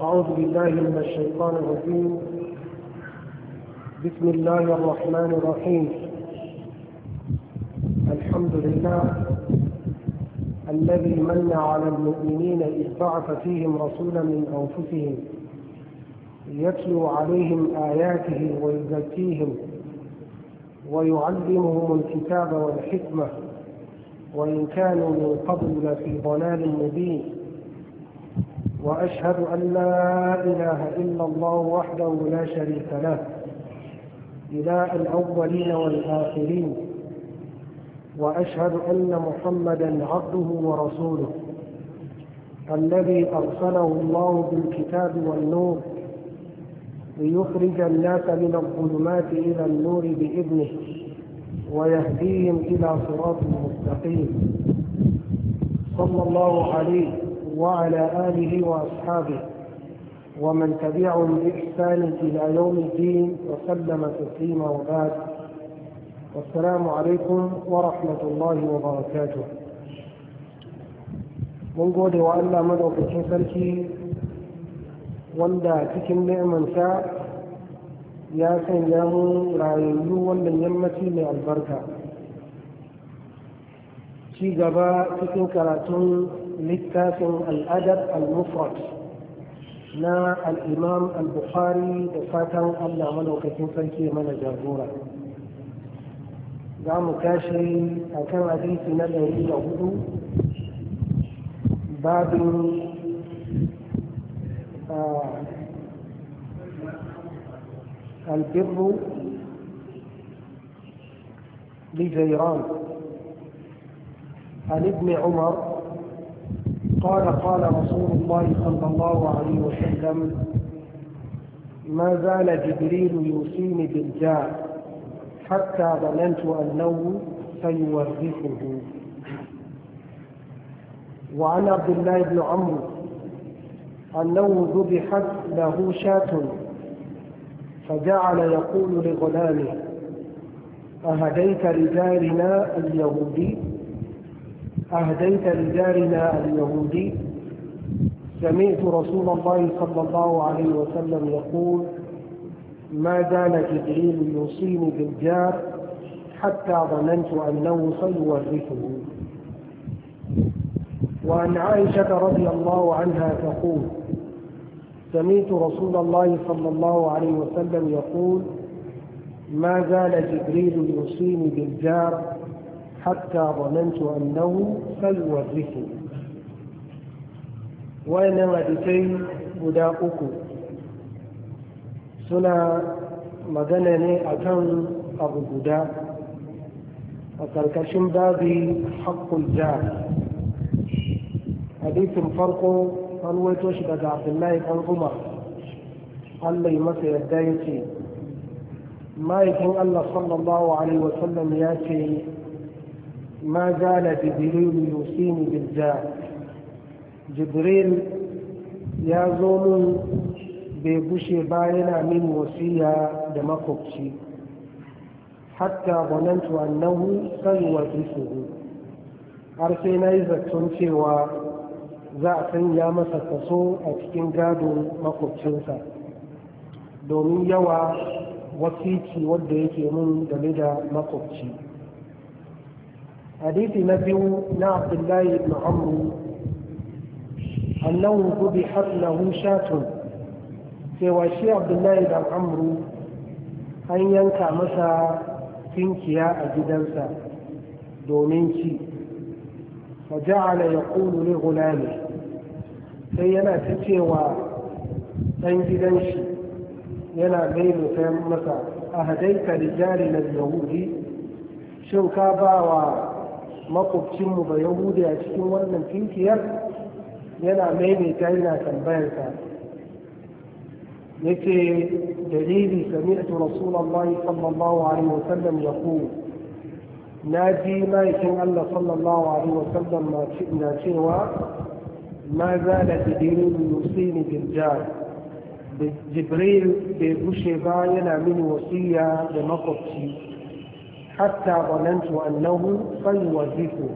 أعوذ بالله من الشيطان الرجيم بسم الله الرحمن الرحيم الحمد لله الذي من على المؤمنين إذ بعث فيهم رسولا من أنفسهم يتلو عليهم آياته ويزكيهم ويعلمهم الكتاب والحكمة وإن كانوا من قبل لفي ضلال مبين وأشهد أن لا إله إلا الله وحده لا شريك له إله الأولين والآخرين وأشهد أن محمدا عبده ورسوله الذي أرسله الله بالكتاب والنور ليخرج الناس من الظلمات إلى النور بإذنه ويهديهم إلى صراط مستقيم صلى الله عليه وعلى آله وأصحابه ومن تبعهم بإحسان إلى يوم الدين وسلم تسليما وبعد والسلام عليكم ورحمة الله وبركاته من قول وألا مدعو كتنسلتي وندا كتن نعم انساء يا سن يا مو لا يلو يمتي من البركة شي جبا كتن كراتون للتاسع الادب المفرد نا الامام البخاري وفاتا الله من وقت فنك من الجابورة دا كاشي اكام عديث نبري يهود باب آه، البر لجيران عن ابن عمر قال قال رسول الله صلى الله عليه وسلم ما زال جبريل يوصيني بالجاه حتى ظننت أنه سيورثه وعن عبد الله بن عمرو أنه ذبحت له شاة فجعل يقول لغلامه أهديت رجالنا اليهودي أهديت لجارنا اليهودي سمعت رسول الله صلى الله عليه وسلم يقول ما زال جبريل يوصيني بالجار حتى ظننت أنه سيورثه وعن عائشة رضي الله عنها تقول سمعت رسول الله صلى الله عليه وسلم يقول ما زال جبريل يوصيني بالجار حتى ظننت أنه سيورثني وأنا وديتي بداؤكم سنة مغنني أكن أبو بداء وكالكشم بابي حق الجار حديث فرقه فنويتوش بدا عبد الله بن عمر قال لي متى يدايتي ما يكون الله صلى الله عليه وسلم ياتي ما زال جبريل يوصيني بالجاه جبريل يا زوم بيبوشي باينا من وصية دمكوكشي حتى ظننت أنه سيوجسه أرسينا إذا تنشي و za a sanya masa kaso a cikin gadon makwabcinsa domin yawa wasici wadda yake mun game da makwabci حديث نبي نا الله بن عمرو أنه ذبحت له شاة سوى شي عبد الله بن عمرو أن ينكع مسا تنكيا أجدنسا دومينكي فجعل يقول لغلامه سينا تتيوى تنجدنشي ينا بين مسا أهديت لجارنا اليهودي shin ka ba makwabcinmu ba yahudi a cikin wannan tinkiyar yana maimaita yana tambayarsa yake dalili sami'tu rasulullahi sallallahu alaihi wasallam yaqul na ji ma'aikin Allah sallallahu alaihi wasallam na cewa ma za da jibril yusini birjar jibril bai gushe ba yana mini wasiya da makwabci hatta zanantu annahu sayuwazifu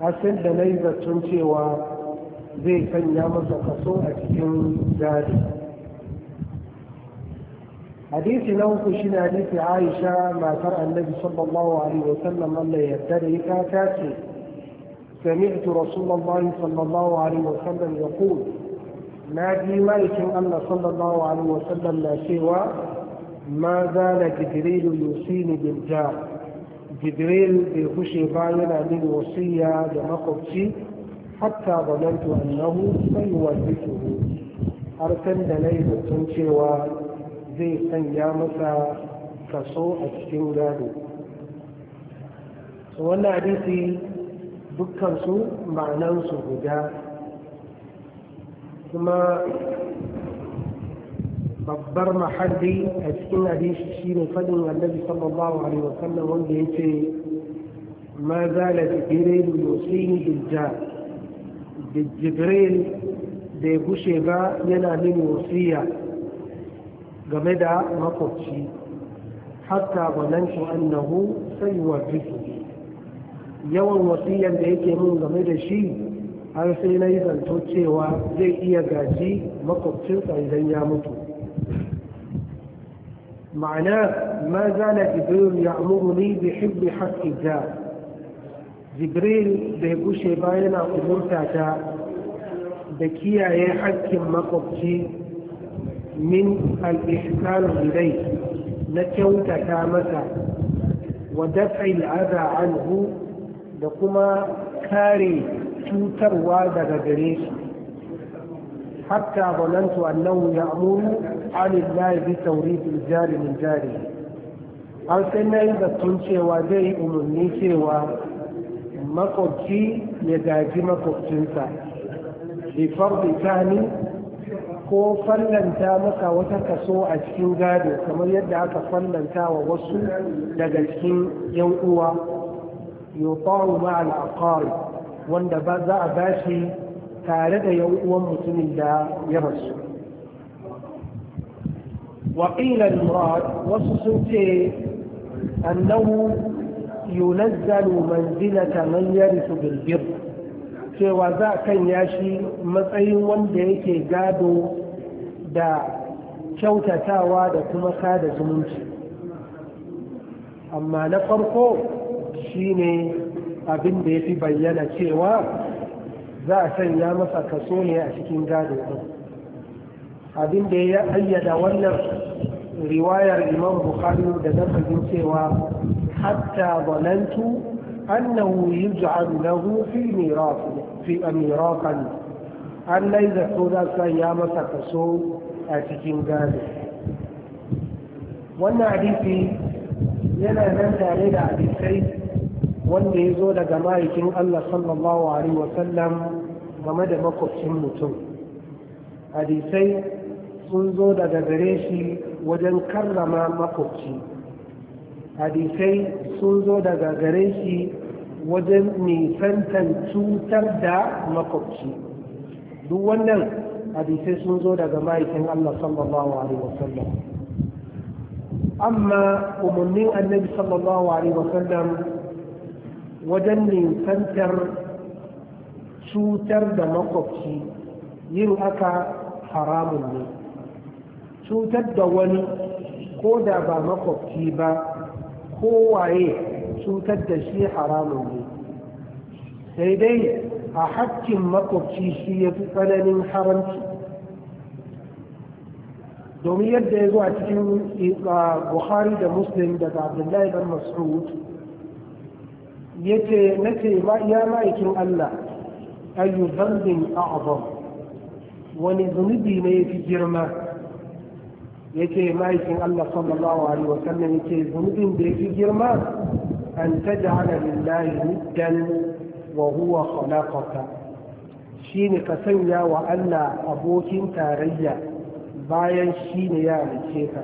har sai da na yi zaton cewa zai sanya masa kaso a cikin gadi hadisi na uku shine hadisi aisha matar annabi sallallahu alaihi wasallam Allah ya yarda da ita ta ce سمعت رسول الله صلى الله عليه وسلم يقول نادي مالك الله صلى الله عليه وسلم ma zala jibrilu yusini bil jar jibril bai kushe ba yana min wasiya da makwabci hatta zanantu annahu sai wajibuhu har san da nayi zaton cewa zai sanya masa kaso a cikin gado wannan hadisi dukkan su ma'anansu guda kuma babbar mahalli a cikin hadisi shine fadin annabi sallallahu alaihi wasallam wanda yace ma zala jibril yusini bil da jibril da ya gushe ba yana min wasiya game da makwabci hatta zanantu annahu sai wa yawan wasiyan da yake min game da shi har sai na yi zanto cewa zai iya gaji makwabcinsa idan ya mutu معناه ما زال جبريل يأمرني بحب حق الله جبريل بيقوش باينا أمرتك بكيا يا حق مقبتي من الإحسان إليه نكوت كامتا ودفع الأذى عنه لكما كاري توتر وادغ جريشي حتى ظننت أنه يأمر عن الله بتوريث الجار من جاره an sai na yi zaton cewa zai umarni cewa makwabci ya gaji makwabcinsa bifar bitani ko fallanta maka wata kaso a cikin gado kamar yadda aka fallanta wa wasu daga cikin yan uwa yuqawu ma al wanda ba za a bashi tare da yan uwan mutumin da ya rasu sun ce, annahu أنه ينزل ta من يرث بالبر cewa za a kan yashi matsayin wanda yake gado da kyautatawa da kuma sada zumunci amma na farko shine abin da ya fi bayyana cewa za a sanya masa kaso ne a cikin gado ɗin abin da ya ayyada wannan riwayar imam bukhari da nasarin cewa hatta zanantu annahu yuj'al lahu fi miraf fi amirakan an da so za sanya masa kaso a cikin gado wannan hadisi yana nan tare da hadisai wanda ya zo daga ma'aikin Allah sallallahu Alaihi wasallam game da makwabcin mutum hadisai sun zo daga gare shi wajen karrama makwabci hadisai sun zo daga gare shi wajen nisantan cutar da makwabci duk wannan hadisai sun zo daga ma'aikin Allah sallallahu Alaihi wasallam amma umarnin annabi sallallahu Alaihi wasallam wajen nisantar cutar da makwabci yin haka haramun ne cutar da wani ko da ba makwabci ba kowaye cutar da shi haramun ne sai dai a hakkin makwabci shi ya fi tsananin haramci domin yadda ya zo a cikin eh, bukhari da muslim daga abdullahi dan mas'ud ya ce ya ma'aikin Allah ayu zambin a'azam wani zunubi ne ya fi girma ya ce ma'aikin Allah sallallahu alaihi wa sallam ya ce zunubin da ya fi girma an ta ja'ala lillahi niddan wa huwa khalaqaka shine ka sanya wa Allah abokin tarayya bayan shine ya rice ka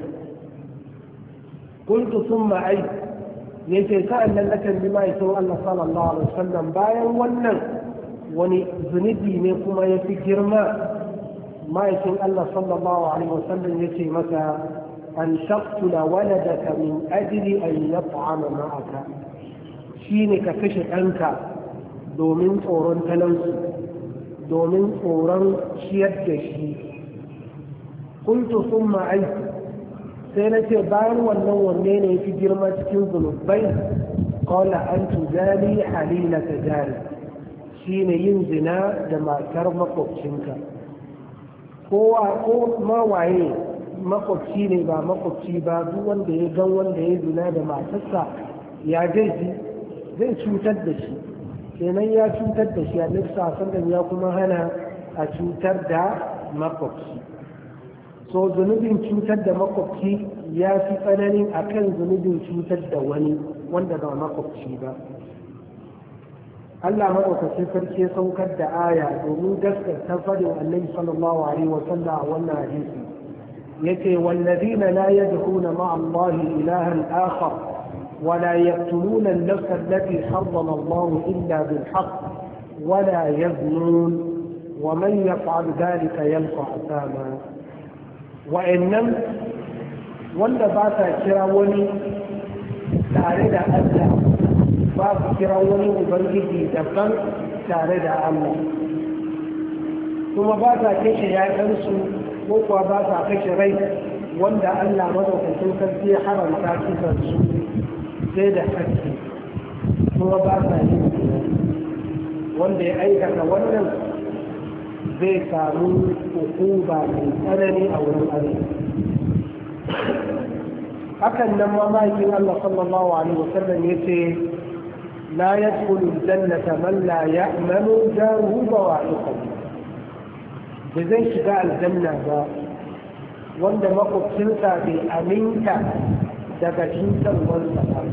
قلت ثم yake sa'an nan akan bi ma'aikin Allah sallallahu alaihi wasallam bayan wannan wani zunubi ne kuma ya fi girma ma'aikin Allah sallallahu alaihi wasallam ya ce masa an shaktula waladaka min ajli an yat'ama ma'aka shine ka kashe ɗanka domin tsoron talauci domin tsoron ciyar da shi kuntu summa aiki sai na ce bayan wannan wanne ne fi girma cikin zunubai Kola an tujari halina ta jari shi ne yin zina da matar makwabcinka kowa ko waye makwabci ne ba makwabci ba duk wanda ya gan wanda ya zina da matarsa ya gaji zai cutar da shi kenan ya cutar da shi a nufsa sannan ya kuma hana a cutar da makwabci so zunubin cutar da makwabci ya fi tsananin a kan zunubin cutar da wani wanda ba makwabci ba Allah maɗaukacin sarki ya saukar da aya domin gaskata faɗin annabi sallallahu alaihi wa sallam a wannan hadisi yace wallazina la yad'una ma'a Allah ilahan akhar ولا يقتلون النفس التي حرم الله إلا بالحق ولا يزنون ومن يفعل ذلك يلقى أثاما wa'annan wanda ba sa kira wani tare da Allah ba su kira wani ubangiji daban tare da Allah kuma ba sa kashe ya'yansu, ko kuwa ba sa kashe rai wanda Allah madaukakin sarki ya haramta su sai da hakki kuma ba sa yin wanda ya aikata wannan زي كانون عقوبة للأمن أو للأمن حكى النمامة يقول الله صلى الله عليه وسلم يتي لا يدخل الجنة من لا يأمن جاره بوائقه بزي شداء الجنة با وانا ما قبتلتا بأمينك daga cikin wani tsakar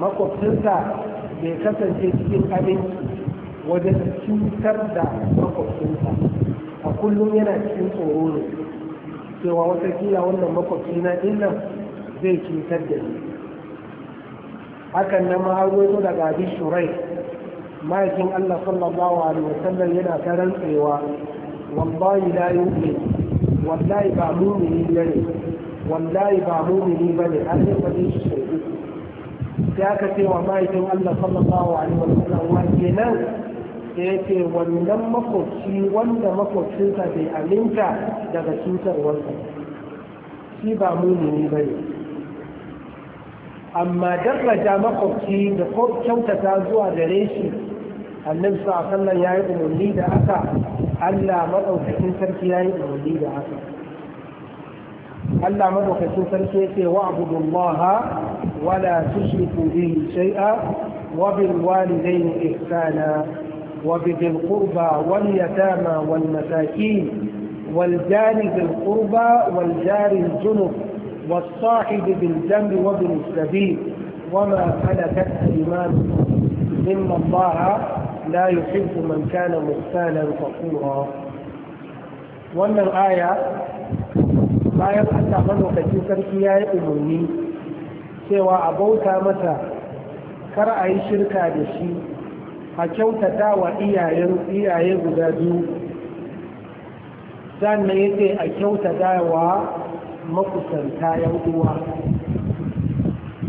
makwabcinsa bai kasance cikin wajen cutar da makwabcinsa a kullum yana cikin tsoro ne cewa watakila wannan makwabcina dinnan zai cutar da ni hakan na ma'aroto daga abin shurai ma'aikin allah sallallahu alaihi wasallam yana ta rantsewa wallahi la yu'min wallahi ba mumini bane wallahi ba mumini an yi fadin shi sai aka ce wa ma'aikin Allah sallallahu alaihi wasallam wa kenan sai ya wannan makwabci wanda makwabcinsa bai aminta daga cutarwarsa shi ba mumini ba ne amma daraja makwabci da kyautata zuwa gare shi annabi sallallahu alaihi ya yi umarni da haka Allah maɗaukakin sarki ya yi umarni da haka ألا مدو خسو فرسيكي واعبدوا الله ولا تشركوا به شيئا وبالوالدين إحسانا وبذي القربى واليتامى والمساكين والجاري بالقربى والجار الجنب والصاحب بالجنب وبالسبيل وما فلكت الإيمان إن الله لا يحب من كان مختالا فقورا وأن الآية bayan Allah madaukaki sarki ya yi umarni cewa a bauta mata kar a yi shirka da shi a kyautata wa iyaye guda biyu sannan ce a kyautata wa makusanta yan uwa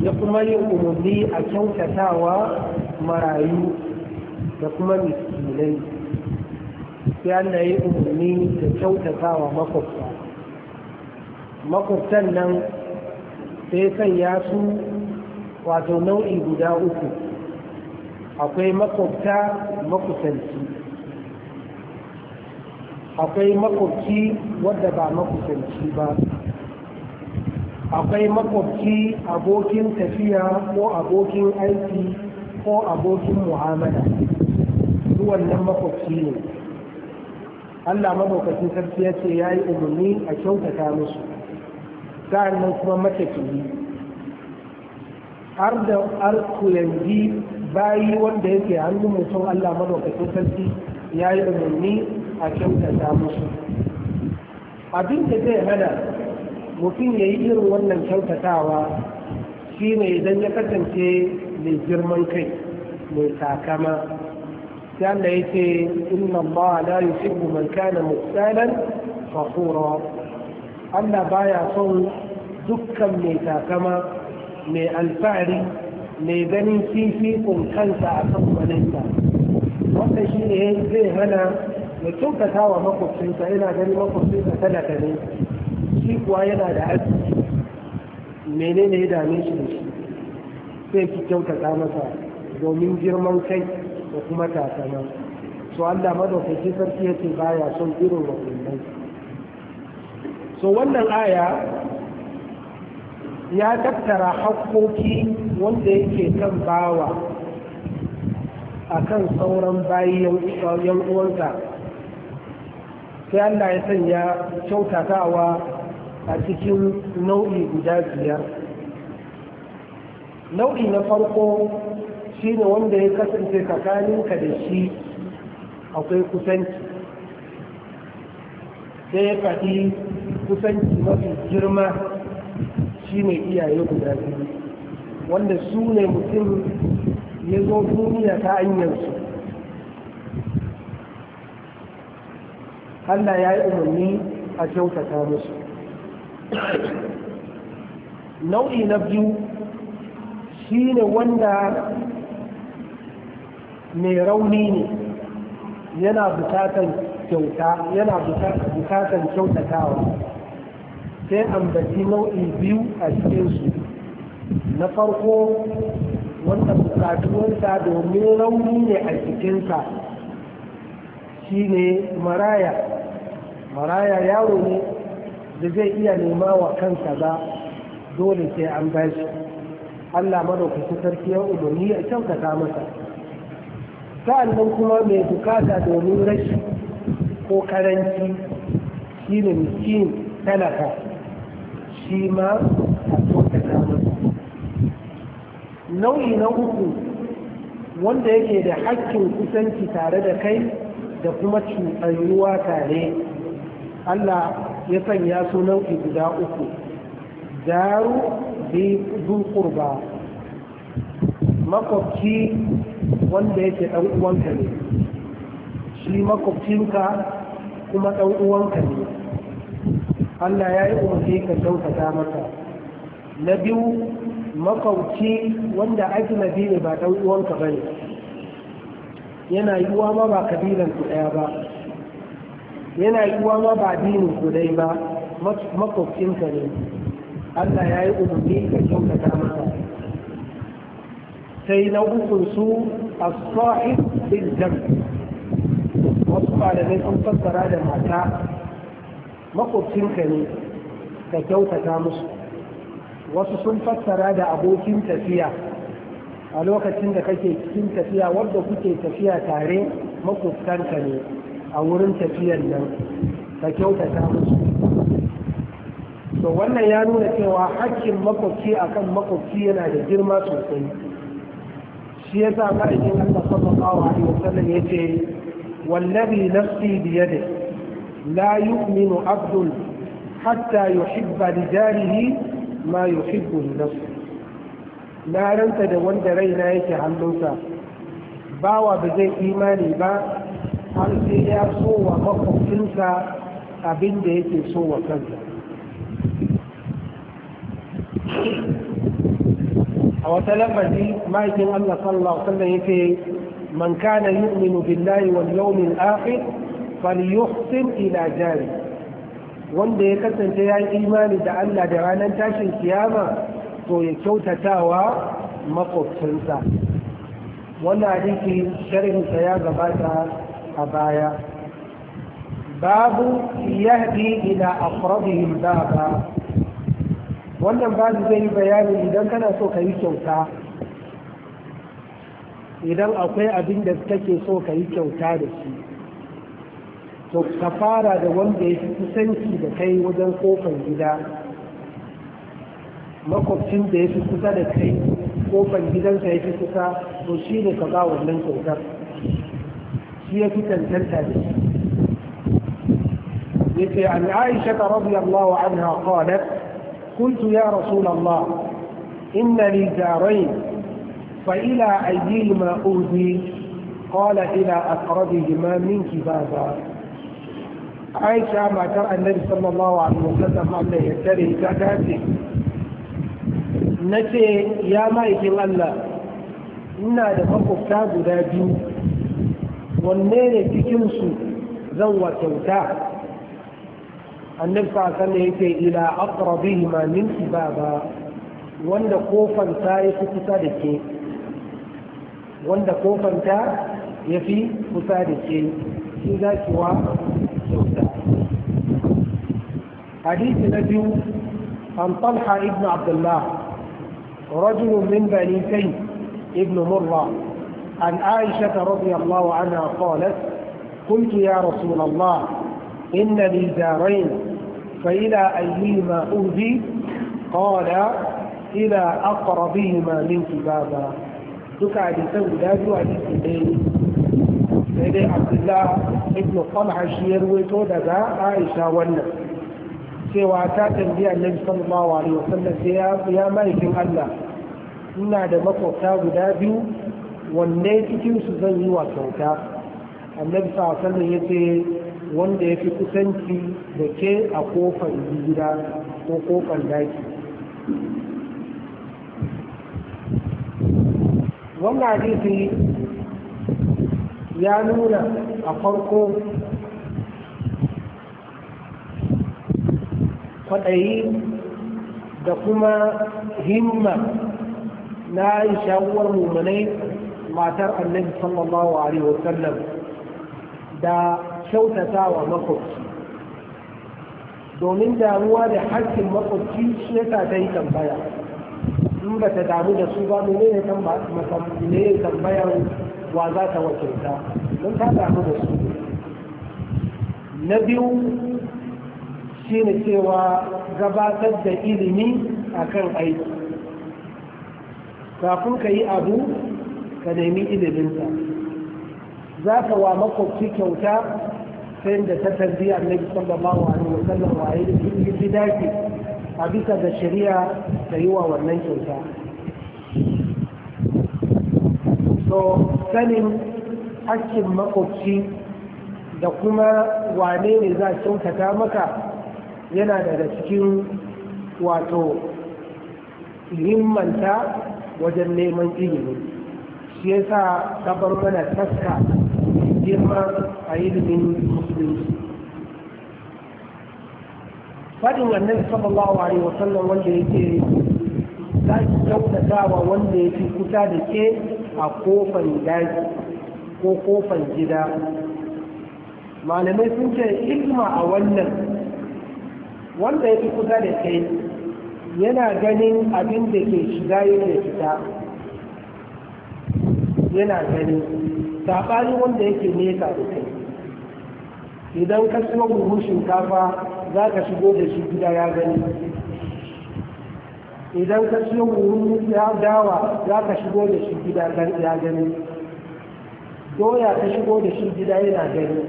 ya kuma yi umarni a kyautata wa marayu da kuma miskinai ya na yi umarni da kyautata wa makusanta makwabtan nan sai ya su wato nau'i guda uku akwai makwabta makusanci akwai makwabci wadda ba makusanci ba akwai makwabci abokin tafiya ko abokin aiki ko abokin mu'amala wannan makwabci ne Allah mabaukacin sarki ya ce ya yi umarni a kyautata musu sa'annan kuma matafiyi har da arku yanzu bayi wanda yake hannun mutum Allah madaukakin sarki ya yi umarni a kyautata musu abin da zai hana mutum ya yi irin wannan kyautatawa shine idan ya kasance mai girman kai mai takama sai Allah ya ce inna Allah la yuhibbu man kana muqtalan fakhura Allah baya son dukkan mai takama mai alfahari mai ganin fifikun kansa a kan waninsa wanda shi ne zai hana ya kyautata wa makwabcinsa yana ganin makwabcinsa talaka ne shi kuwa yana da arziki menene ya dame shi da shi sai ki kyautata masa domin girman kai da kuma takama su Allah madaukaki sarki yake baya son irin wakilan so wannan aya ya tattara hakkoki wanda yake kan bawa a kan sauran bayan uwansa sai Allah ya sanya kyautatawa a cikin nau'i guda biyar nau'i na farko shi ne wanda ya kasance tsakaninka da shi akwai kusanci sai ya faɗi kusanci mafi girma shine iyaye guda biyu wanda su ne mutum ya zo duniya ta hanyarsu Allah ya yi umarni a kyautata musu nau'i na biyu shi ne wanda mai rauni ne yana bukatan kyauta yana bukatan kyautatawa sai ambaci nau'in biyu a cikinsu na farko wanda bukatuwarsa domin rauni ne a cikinsa shine maraya maraya yaro ne da zai iya nema wa kansa ba dole sai an bashi allah madaukaki sarki ya umarni ya kyautata masa sa'annan kuma mai bukata domin rashi ko karanci shine miskin talaka shi ma a nau'i na uku wanda yake da hakkin kusanci tare da kai da kuma cuɗanyuwa tare Allah ya sanya su nau'i guda uku daru da qurba makwabci wanda yake ɗan uwanka ne shi makwabcinka kuma ɗan uwanka ne Allah ya yi umarni ka kyautata masa na biyu makauci wanda ajnabi ne ba ɗan uwanka ba ne yana yiwuwa ma ba kabilan ku ɗaya ba yana yiwuwa ma ba dinin ku dai ba makaucinka ne Allah ya yi umarni ka kyautata masa sai na hukun su a sahib bil jam wasu malamai sun fassara da mata makwabcinka ne ka kyautata musu wasu sun fassara da abokin tafiya a lokacin da kake cikin tafiya wadda kuke tafiya tare makwabtanka ne a wurin tafiyar nan ka kyautata musu to wannan ya nuna cewa hakkin makwabci akan makwabci yana da girma sosai shi ya sa ma'aikin Allah sallallahu alaihi wasallam ya ce wallabi nafsi biyadihi لا يؤمن عبد حتى يحب لجاره ما يحب لنفسه na ranta da wanda raina yake hannunsa bawa ba zai imani ba har sai ya so wa makwabcinsa abin da yake so wa kansa a wata lambaji ma'aikin allah sallallahu alaihi wasallam yake man kana yu'minu billahi wal yawmil akhir falyuhsin ina jari wanda ya kasance ya yi imani da Allah da ranar tashin kiyama to ya kyautatawa makwabcinsa wannan hadisi sharhinsa ya gabata a baya babu yahdi ila aqrabihim ba. wannan babu zai yi bayani idan kana so ka yi kyauta idan akwai abin da kake so ka yi kyauta da shi to ka fara da wanda ya fi kusanci da kai wajen kofar gida makwabcin da ya fi kusa da kai kofar gidanka ya fi kusa to shi ne ka ba wannan kyautar shi ya fi tantanta da shi yake an يتي عن عائشة رضي الله عنها قالت قلت يا رسول الله إن لي جارين ila أيهما أهدي قال إلى أقربهما منك بابا aisha matar annabi sallallahu alaihi wasallam amma ya tare ta dace nace ya ma'aikin Allah ina da makwabta guda biyu wanne ne cikin su zan wa kyauta annabi sallallahu yake ila aqrabihima min baba wanda kofan ta fi kusa da ke wanda kofan ta yafi kusa da ke shi za ki wa حديث نجم عن طلحة ابن عبد الله رجل من بني سيف ابن مرة عن عائشة رضي الله عنها قالت قلت يا رسول الله إن لي دارين فإلى أيهما أوذي قال إلى أقربهما من كتابا دكا حديثا ولا جو حديث سيدي عبد الله ابن طلحة شير ويتو عائشة والنفس cewa ta tambayi annabi sallallahu alaihi wasallam sai ya ma'aikin Allah ina da makwabta guda biyu wanne cikin su zan yi wa kyauta annabi sallallahu alaihi wanda ya fi kusanci da ke a kofar gida ko kofar daki wannan hadisi ya nuna a farko kwaɗayi da kuma himma na aisha mumanai matar annabi sallallahu alaihi wasallam da kyautata wa makwabci domin damuwa da hakkin makwabci shi sa ta yi tambaya in ba ta damu da su ba mu ne ya tambaya wa za ta wakilta don ta damu da su na biyu shine cewa gabatar da ilimi a kan aiki kafin ka yi abu ka nemi iliminsa za ka wa makwabci kyauta ta da ta tarbiya annabi sallallahu alaihi ba wa yi gida a bisa da shari'a ta yi wa wannan kyauta so sanin hakkin makwabci da kuma wane ne za kyautata maka yana daga cikin wato himmanta wajen neman ilimi shi ya sa bar mana taska girma a ilimin musulunci fadin wannan sallallahu alaihi wasallam wanda yake za ki kyautatawa wanda yake kusa da ke a kofan daji ko kofan gida malamai sun ce ilma a wannan wanda ya fi kusa da kai yana ganin abin da ke shiga yake fita yana gani saɓani wanda yake nesa da kai idan ka siyo buhun shinkafa za ka shigo da shi gida ya gani idan ka siyo buhun dawa za ka shigo da shi gida ya gani doya ka shigo da shi gida yana gani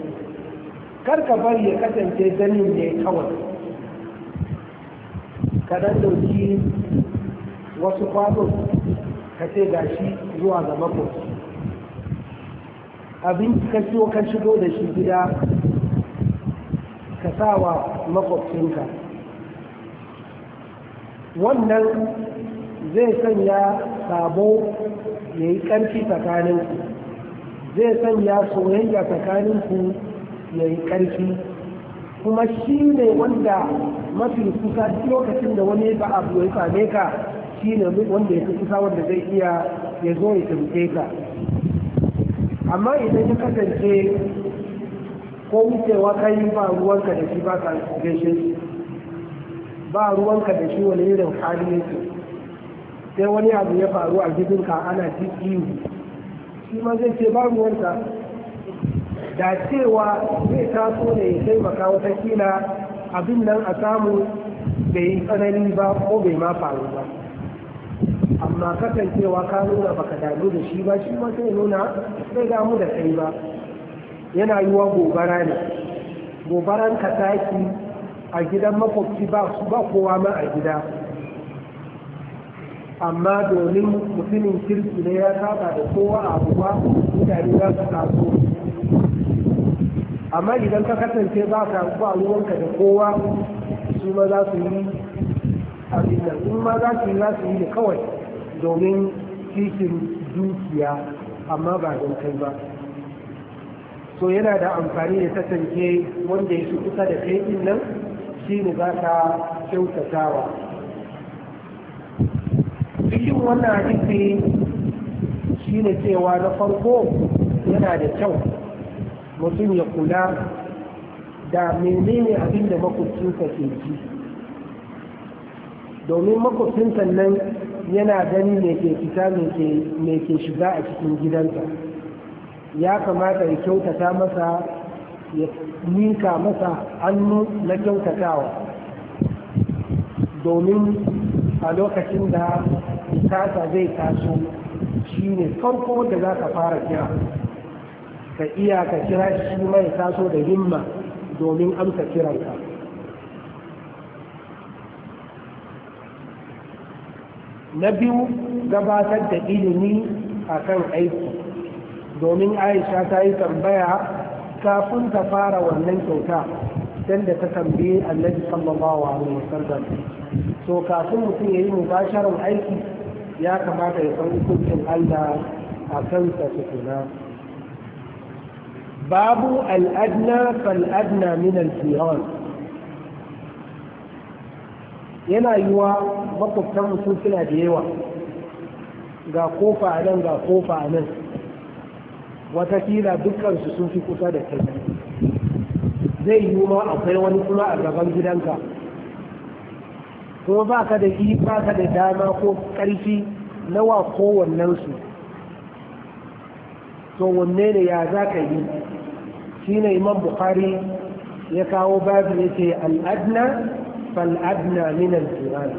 kar ka bari ya kasance ganin ne kawai ka dan dauki wasu kwano ka ce ga shi zuwa ga abinci ka ciwo ka shigo da shi gida ka sa wa makwabcinka wannan zai sanya sabo ya yi ƙarfi tsakaninku zai sanya soyayya tsakaninku ya yi ƙarfi kuma shi ne wanda mafi kusa lokacin da wani ba abu ya same ka shi ne wanda ya fi kusa wanda zai iya ya zo ya taimake ka amma idan ya kasance ko wucewa ka yi ba ruwanka da shi ba ka gaishe shi ba ruwanka da shi wani irin hali su sai wani abu ya faru a gidanka ana ji ihu shi ma zai ce ba ruwanka da cewa zai taso ne ya taimaka wata kila abin nan a samu bai yi tsanani ba ko bai ma faru ba amma kasancewa ka nuna baka damu da shi ba shi wata sai nuna sai damu da kai ba yana yiwa gobara ne gobaran ka taki a gidan makwabci ba su ba kowa ma a gida amma domin mutumin kirki ne ya saba da kowa a abuwa mutane za su taso amma idan ka kasance ba ka ba ruwanka da kowa su ma za su yi abin da in ma za su yi za su yi da kawai domin cikin dukiya amma ba don kai ba so yana da amfani da kasance wanda ya shi kusa da kai din nan shi ne za ka kyautatawa cikin wannan hadisi shi ne cewa na farko yana da kyau mutum ya kula da menene abin da makwabcinsa ke ji domin makwabcinsa nan yana gani ne ke fita mai ke shiga a cikin gidansa ya kamata ya kyautata masa ya ninka masa hannu na kyautatawa domin a lokacin da kasa zai taso shi ne farko da za ka fara kira ka iya ka kira shi mai taso da himma domin amsa kiranka na biyu gabatar da ilimi a kan aiki domin aisha ta yi tambaya kafin ta fara wannan kyauta don da ta tambaye annabi sallallahu alaihi wasallam so kafin mutum ya yi mubasharar aiki ya kamata ya san hukuncin allah a kansa tukuna babu al'adna fal'adna min al-fiyon yana yiwa makwabtan mutum suna da yawa ga kofa a nan ga kofa nan watakila dukkansu sun fi kusa da kai zai yi akwai wani kuma a gaban gidanka ko ba ka da yi ba ka da dama ko ƙarfi nawa ko wannan su to wanne ne ya za ka yi shine imam bukhari ya kawo babu ya al-adna fal adna jiran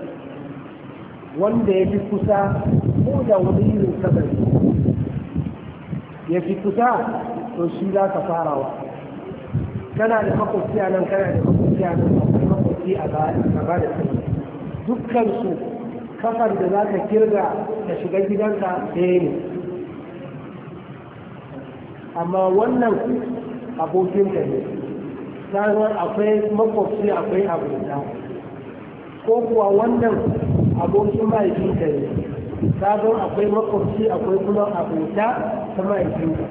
wanda ya fi kusa ko da wani kabari ya fi kusa to shi za ka farawa kana da makwabci a nan kana da makwabci a nan akwai makwabci a gaba da kai Dukkansu kafar da za ka kirga ka shiga gidanka ɗaya ne amma wannan abokin ka ne sanar akwai makwabci akwai abuta ko kuwa wannan abokin mahaifin ka ne sanar akwai makwabci akwai kuma abuta ta mahaifin ka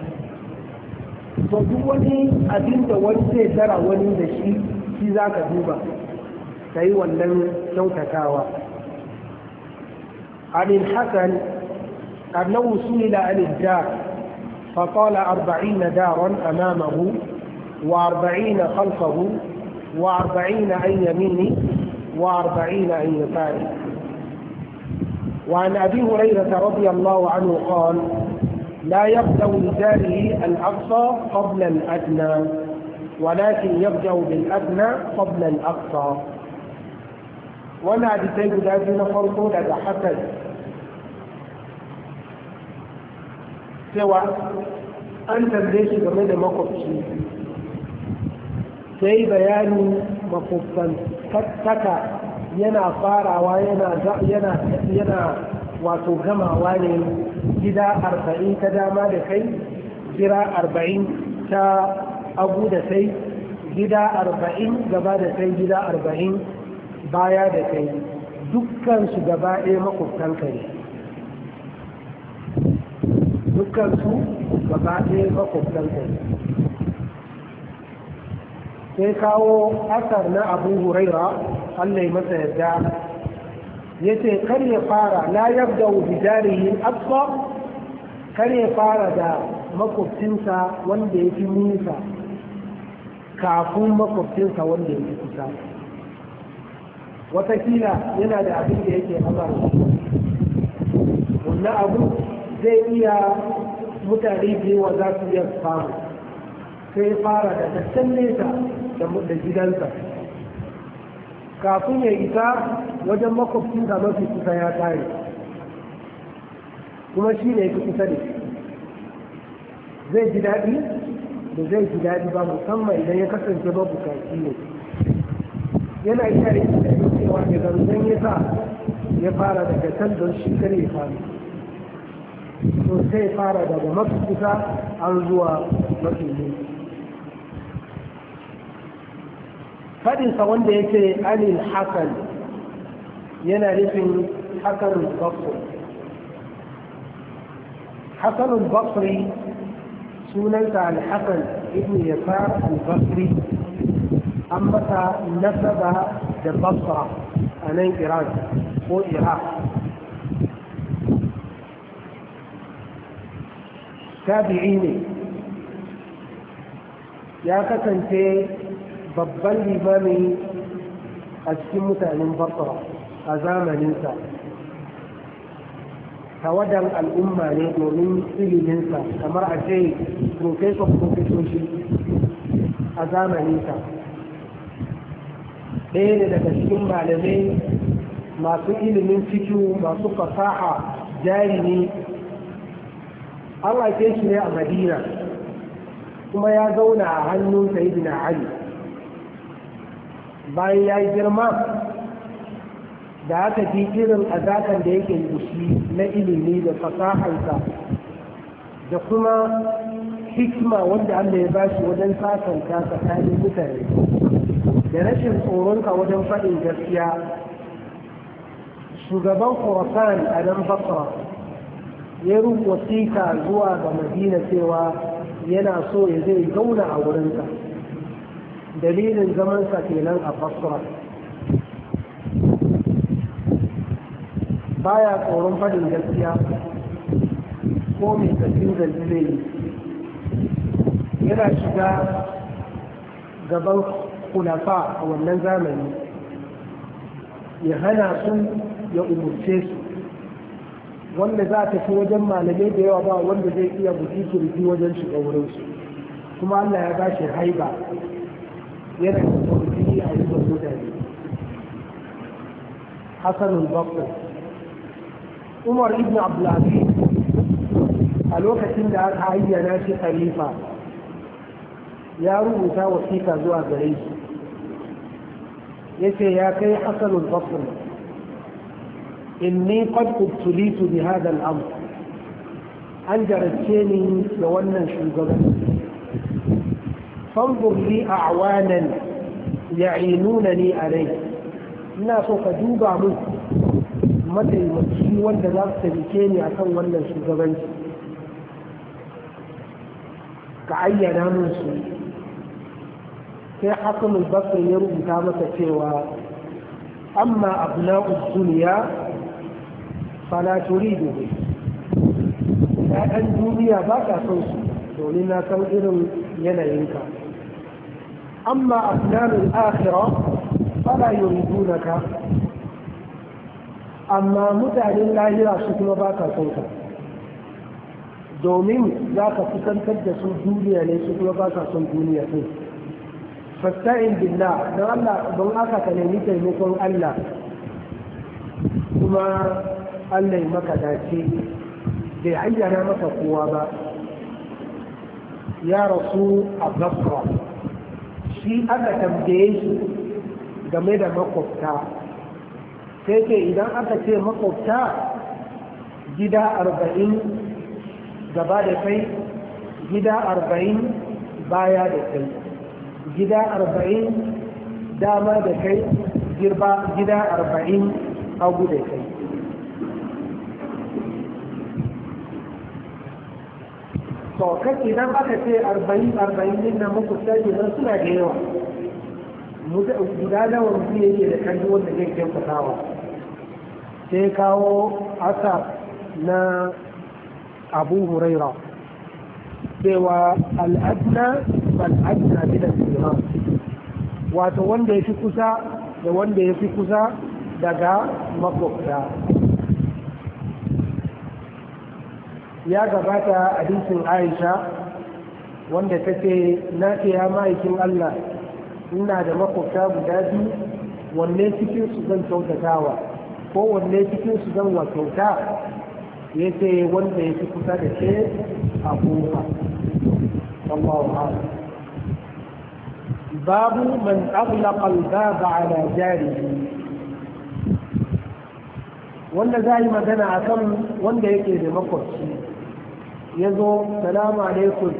to duk wani abin da wani zai tara wani da shi shi za ka duba ka yi wannan kyautatawa A عن الحسن أنه سئل da الجار فطال أربعين دارا أمامه وأربعين خلفه وأربعين عن يمينه وأربعين عن يساره وعن أبي هريرة رضي الله عنه قال لا يبدأ لداره الأقصى قبل الأدنى ولكن يبدأ بالأدنى قبل الأقصى وما بتجد أدنى فرقه لدى حسد cewa an tambaye shi game da makwabci sai bayani makwabtan tattaka yana farawa yana wato gamawa ne gida arba'in ta dama da kai gira arba'in ta abu da kai gida arba'in gaba da kai gida arba'in baya da kai dukkan su gaba ɗaya makwabtanka kai. ba gaba ɗaya makwabtansa sai kawo asar na abu huraira allah ya masa yadda ya ce kar ya fara la yabda jari yin asba. kar ya fara da makwabcinsa wanda ya fi nisa kafin makwabcinsa wanda ya fi kusa watakila yana da abin da yake amara wannan abu zai iya mutane biyu wa za su iya samu sai fara da tattan nesa da gidansa kafin ya isa wajen makwabcin da mafi kusa ya tare kuma shi ne ya kusa ne zai ji daɗi da zai ji daɗi ba musamman idan ya kasance ba bukaci ne yana iya rikin da cewa ya sa ya fara daga gasar don shi kare ya faru. to sai fara daga mafi kusa an zuwa mafi nesa wanda yake anil hakan yana nufin hakan bakwai hakan bakwai sunansa alhakan hakan ibn yasar al an mata nasaba da basra a nan iran ko iraq tabi'i ne ya kasance babban limami a cikin mutanen basra a zamaninsa tawadan al'umma ne domin iliminsa kamar a ce profesor profesoshi a zamaninsa ɗaya ne daga cikin malamai masu ilimin fito masu fasaha jarumi Allah ke shi ne a madina kuma ya zauna a hannun Sayyidina ali bayan ya yi girma da aka fi irin azakan da yake gushi na ilimi da fasahansa da kuma hikima wanda allah ya ba shi wajen sasanta tsakanin mutane da rashin tsoronka wajen faɗin gaskiya shugaban khorasan a nan basra ya rubuta wasiƙa zuwa ga madina cewa yana so ya zai zauna a wurinsa dalilin zamansa kenan a basra baya tsoron faɗin gaskiya ko mai tafiyu da yana shiga gaban kulafa a wannan zamani ya hana sun ya umurce su wanda za ta fi wajen malamai da yawa ba wanda zai iya buji kirji wajen shiga wurin su kuma Allah ya bashi haiba yana da tauhidi a wajen mutane Hassan al Umar ibn Abdullahi a lokacin da aka ayyana shi khalifa ya rubuta wasiƙa zuwa gare shi yace ya kai Hassan al inni qad ubtulitu bi hadha al an jarabce ni da wannan shugabanci fanzur li a'wanan a rai. ina so ka duba muku. mataimaki wanda za su taimake ni akan wannan shugabanci ka ayyana min su sai hakan basir ya rubuta masa cewa amma abna'ud duniya فلا تريد به فأن دنيا بقى صوصي لنا تنقل ينعينك أما أفلام الآخرة فلا يريدونك أما متع لله لا شكرا بقى صوصا دومين ذاك فتن تجسوا الدنيا لا شكرا بقى صوصا دنيا فاستعن بالله دون أخا تنميك المقر ألا ثم Allah maka dace bai ayyana maka kowa ba ya rasu a basra shi aka tambaye shi game da makwabta sai ke idan aka ce makwabta gida arba'in gaba da kai gida arba'in baya da kai gida arba'in dama da kai girba gida arba'in hagu da kai to kan idan aka ce arba'in arba'in din na muku sai nan suna da yawa guda nawa mutum yake da kalli wanda zai kyautatawa sai kawo asa na abu huraira cewa al'adna bi da imam wato wanda ya fi kusa da wanda ya fi kusa daga makwabta ya gabata hadisin aisha wanda ta ce na ce ya ma'aikin allah ina da makwabta guda biyu wanne cikin su zan kyautatawa ko wanne cikin su zan wa kyauta ya ce wanda ya fi kusa da ke a kofa babu man aghlaqa al-baba ala jarihi wanda za yi magana akan wanda yake da makwabci ya zo salamu alaikum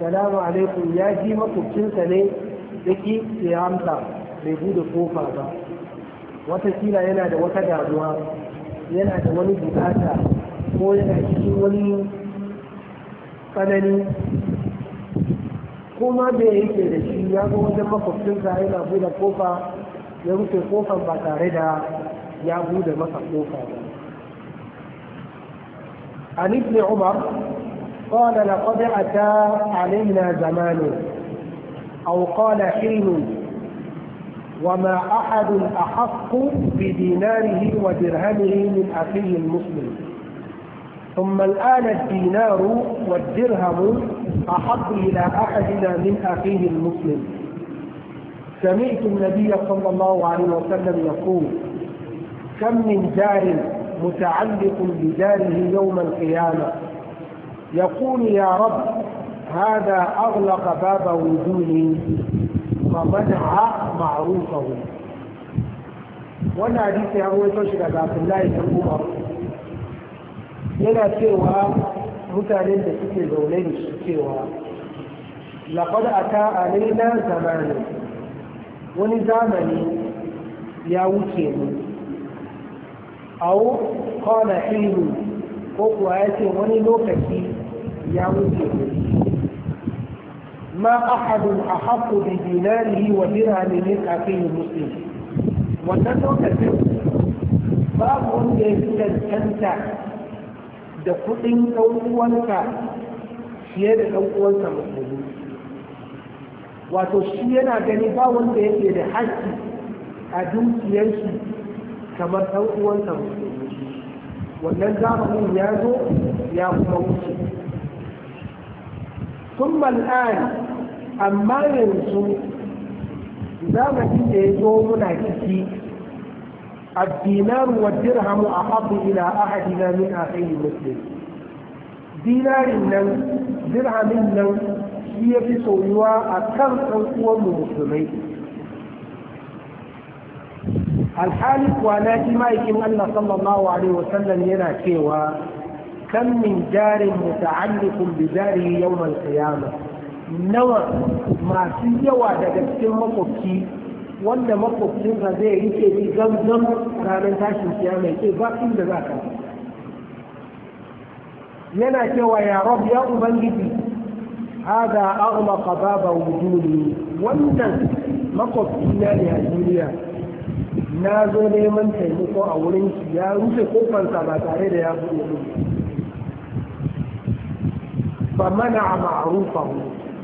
salamu alaikum ya ji makwabcinsa ne da ki ke amsa bai bude kofa ba Wata kila yana da wata damuwa yana da wani bukata ko yana cikin wani tsanani ma da yake da shi ya zo wajen makwabcinsa yana bude kofa ya rufe kofar ba tare da ya bude masa kofa ba عن ابن عمر قال لقد أتى علينا زمان أو قال حين وما أحد أحق بديناره ودرهمه من أخيه المسلم ثم الآن الدينار والدرهم أحق إلى أحدنا من أخيه المسلم سمعت النبي صلى الله عليه وسلم يقول كم من جار متعلق بداره يوم القيامة يقول يا رب هذا أغلق باب وجودي ومنع معروفه wannan hadisi ya rawaito shi daga Abdullahi dan Umar yana cewa mutanen da suke zaune da shi cewa laqad ata alaina zamani wani zamani ya wuce mu aw qala hilu ko kuwa yace wani lokaci ما أحد أحق بديناره ودرهم من أخيه المسلم وتترك الدين باب يجوز الكنت دقوط كوكوانك سيادة كوكوانك مسلمين وتشينا جنبا وانت يجد حج أدوم سيانسي كما كوكوانك مسلمين والنزار من يازو يا مسلمين ثم الآن أما yanzu zamanin da ya الدينار والدرهم أحب إلى أحدنا من أخيه المسلم دينار النم درهم النم هي في سويوا أكثر أنقوى المسلمين الحالف وناجي ما أن صلى الله عليه وسلم ينا كم من جار متعلق بداره يوم القيامة نوى ما في يوى دقتين مقبتي wanda makwabcinka zai يكي في زمزم ranar tashin kiyama ya ce ba inda za ka yana يا ya rab ya ubangiji hada aghlaqa baba wujudi wannan makwabcina ne a duniya na zo neman taimako a wurin shi ya rufe kofarsa ba tare da ya buɗe fa mana ma'rufahu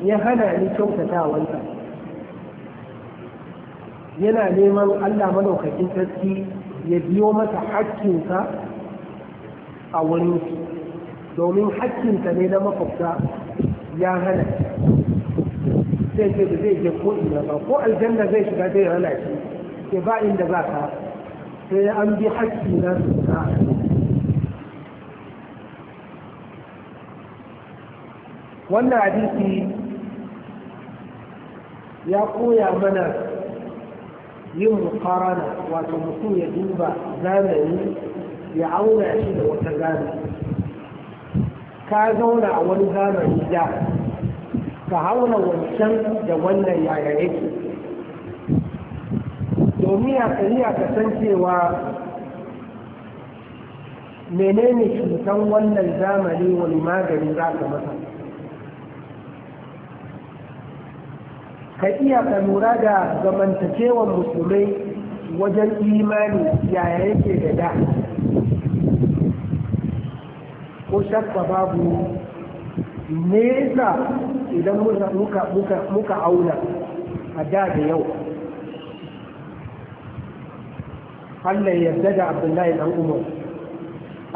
ya hana ni kyautatawansa yana neman Allah madaukakin sarki ya biyo masa haƙƙinsa a wani domin haƙƙinsa ne na makwabta ya hana sai ce zai je ko ina ba ko aljanna zai shiga zai hana shi ke ba inda ka sai an bi haƙƙi na wannan hadisi ya koya mana yin mukarana wato mutum ya duba zamani ya auna shi da wata zamani ka zauna a wani zamani da ka hauna wancan da wannan yaya yake domin ya tsariya ka san cewa menene cutan wannan zamani wani magani za ka masa ka iya ka lura da zamantakewan musulmai wajen imani yaya yake da da ko shakka babu nesa idan muka auna a da da yau Allah ya yarda da Abdullahi dan Umar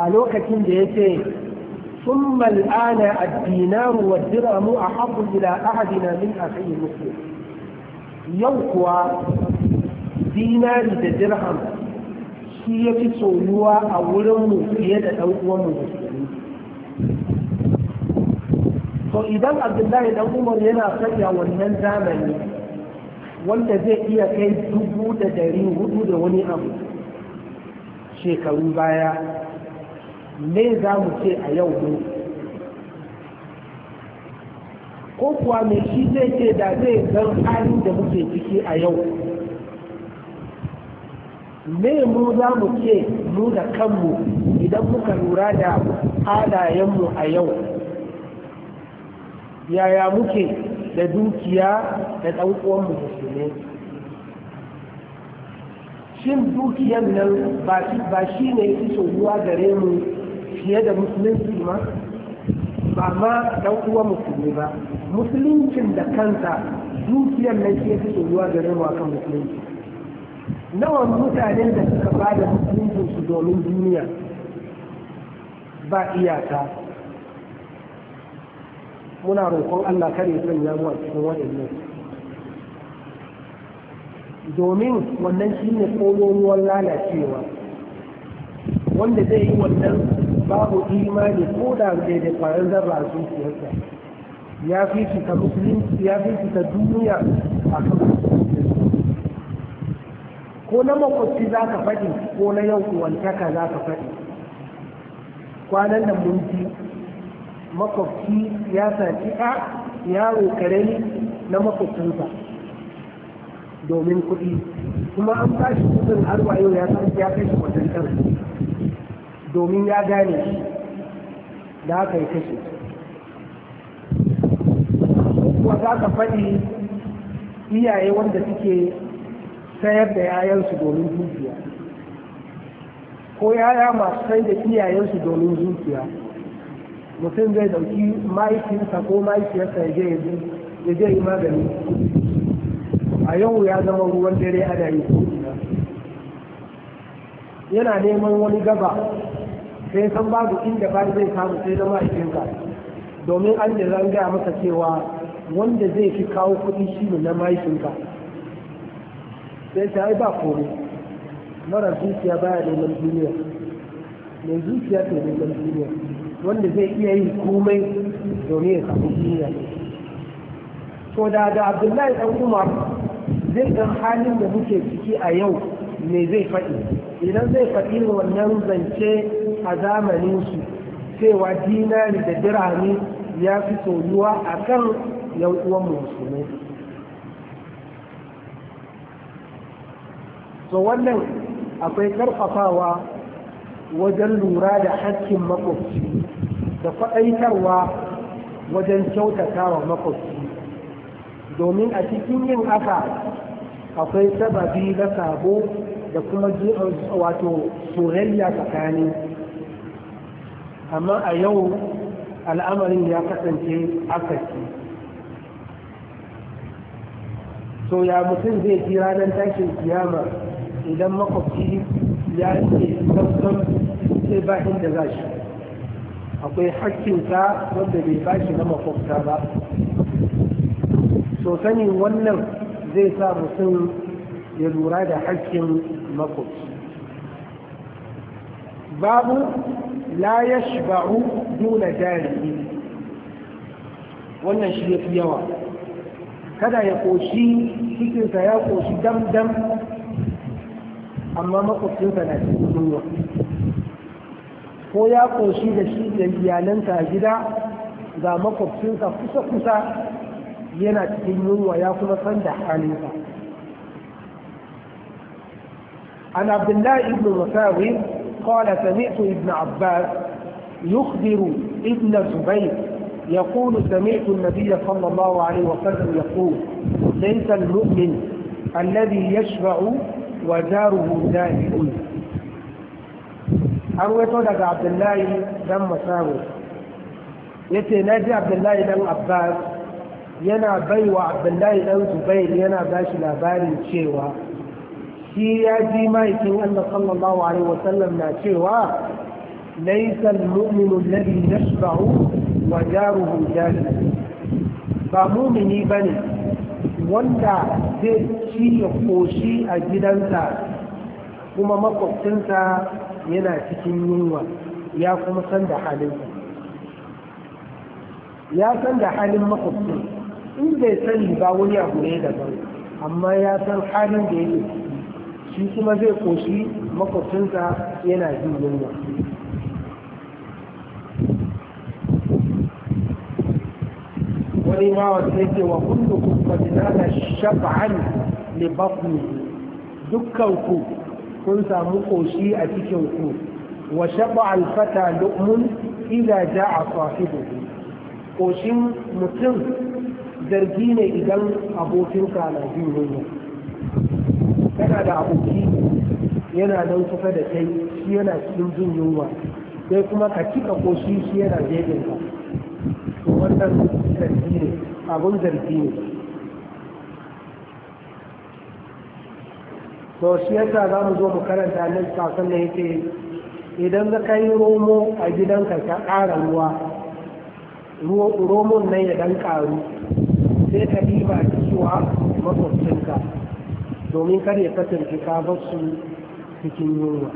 a lokacin da yake ثم الآن الدينار والدرهم أحب إلى أحدنا من أخيه مسلم yau kuwa dinari da dirham shi ya fi soyuwa a wurinmu fiye da ɗan musulmi to idan abdullahi dan umar yana sanya wannan zamani wanda zai iya kai dubu da dari hudu da wani abu shekaru baya me za mu ce a yau mu? ko kuwa mai shi zai ce da zai zan halin da muke ciki a yau me mu za mu ce mu da kanmu idan muka lura da halayenmu a yau yaya muke da dukiya da ɗan'uwan musulmi shin dukiyar nan ba shi ne iso ruwa gare mu fiye da musulunci ma ba ma ɗan'uwan musulmi ba musuluncin da kansa dukiyar nan ke fi tsoruwa da rabu kan musulunci nawa mutanen da suka ba da musuluncin su domin duniya ba iyaka muna roƙon Allah kare sanya mu a cikin waɗannan domin wannan shi ne ruwan lalacewa wanda zai yi wannan babu imani ko da da kwayan zarra a zuciyarsa ya fifita musulunci ya duniya a kan ko na makwabci za ka faɗi ko na yau kuwantaka za ka faɗi kwanan da mun ji makwabci ya sati a yaro karami na makwabcinsa domin kuɗi kuma an ba shi kudin har ya san ya kai shi wajen domin ya gane shi da haka ya kashe kuma za ka faɗi iyaye wanda suke sayar da yayansu domin zuciya? ko yaya masu sai da iyayensu domin zuciya? mutum zai dauki mahaifinsa ko mahaifiyarsa ya je ya je yi magani a yau ya zama ruwan dare a ina. yana neman wani gaba sai san babu inda ba zai samu sai na mahaifinsa domin an da zan gaya masa cewa wanda zai fi kawo kuɗi shi ne na mahaifinka sai ta yi ba kome mara zuciya baya neman duniya mai zuciya ke neman duniya wanda zai iya yin komai domin ya samu duniya to da da abdullahi dan umar zai dan halin da muke ciki a yau me zai faɗi idan zai faɗi wannan zance a zamanin su cewa dinari da birane ya fi soyuwa a kan Yau uwan musulmi to wannan akwai karfafawa wajen lura da hakkin makwabci da faɗaitarwa wajen kyautata wa makwabci domin a cikin yin haka akwai sababi na sabo da kuma wato soyayya tsakani amma a yau al'amarin ya kasance akasi to ya mutum zai ji ranar tashin kiyama idan makwabci ya ce tsantsan sai ba inda za shi akwai haƙƙinsa wanda bai ba shi na makwabta ba so sanin wannan zai sa mutum ya lura da hakkin makwabci babu la ya shiba'u duna jari wannan shi ya fi yawa kada ya koshi cikinsa ya koshi dam-dam amma makwabcinsa na cikin yunwa ko ya koshi da shi da iyalansa a gida ga makwabcinsa kusa-kusa yana cikin yunwa ya kuma san da halinsa عن عبد الله بن مساوي قال سمعت ابن عباس يخبر ابن زبير يقول سمعت النبي صلى الله عليه وسلم يقول ليس المؤمن الذي يشبع وجاره دائم أو يتولد عبد الله دم ساوي يتنادي عبد الله دم عباس ينا بي وعبد الله دم زبير ينا باش لابان شيوا في يدي ما يكون أن صلى الله عليه وسلم نا شيوا ليس المؤمن الذي يشبع wa jaruhu jahil ba mumini bane wanda zai ci ya koshi a gidansa kuma makwabcinsa yana cikin yunwa ya kuma san da halinsa ya san da halin makwabcin in bai sani ba wani abu ne daban amma ya san halin da yake shi kuma zai koshi makwabcinsa yana jin yunwa wani bawa sai ce wa kullukum fadilana shaf'an li batni dukkan ku kun samu koshi a cikin ku wa shaba alfata lu'mun idza ja'a sahibuhu koshin mutum zargi ne idan abokinka na jin yunwa kana da aboki yana nan kusa da kai shi yana cikin jin yunwa sai kuma ka cika koshi shi yana jejin ka wannan zargi abun zargi ne to shi yasa za mu zo mu karanta annabi sallallahu yake idan za ka yi romo a gidanka ka ƙara ruwa romon nan ya dan ƙaru sai ka ɗiba cewa maƙwabcinka domin kar ya kasance ka bar su cikin yunwa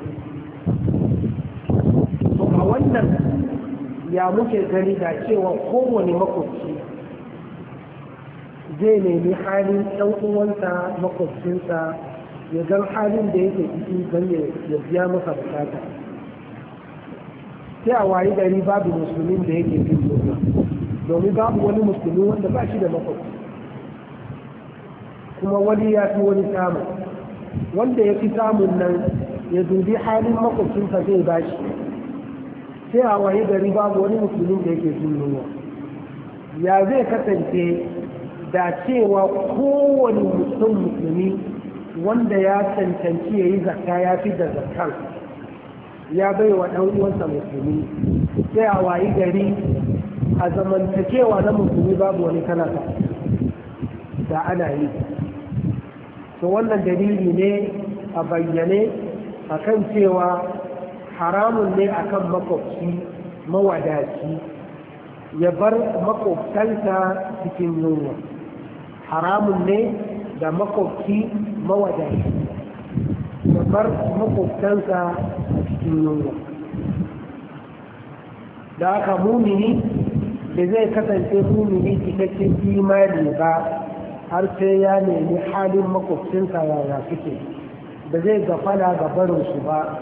to a wannan ya muke gani da cewa kowane makwabci zai nemi halin ɗan uwansa makwabcinsa ya gan halin da yake ciki don ya biya masa bukata sai a wayi gari babu musulmin da yake bin doka domin babu wani musulmi wanda ba shi da makwabci kuma wani ya fi wani samun wanda ya fi samun nan ya dubi halin makwabcinsa zai ba shi sai a wayi gari babu wani musulun da yake jin ya zai kasance da cewa kowane mutum musulmi wanda ya cancanci ya yi zakka ya fi da zakkan ya bai wa ɗan uwansa musulmi sai a wayi gari a zamantakewa na musulmi babu wani talaka da ana yi to wannan dalili ne a bayyane a kan cewa haramun ne akan makwabci mawadaci ya bar makwabtanta cikin yunwa haramun ne da makwabci mawadaci ya bar makwabtanta cikin yunwa da aka mumini da zai kasance mumini cikakken imani ba har sai ya nemi halin makwabcinsa yaya suke da zai gafala ga barinsu ba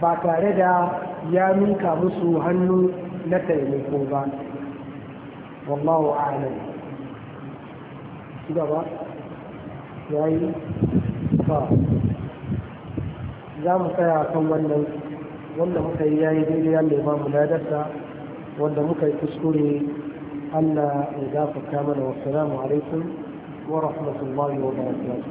ba tare da ya minka musu hannu na taimako ba wallahu a'lam gaba yayi ba za mu tsaya kan wannan wanda muka yi yayi daidai Allah ya ba mu ladarsa wanda muka yi kuskure Allah ya gafarta mana wassalamu alaikum wa rahmatullahi wa barakatuh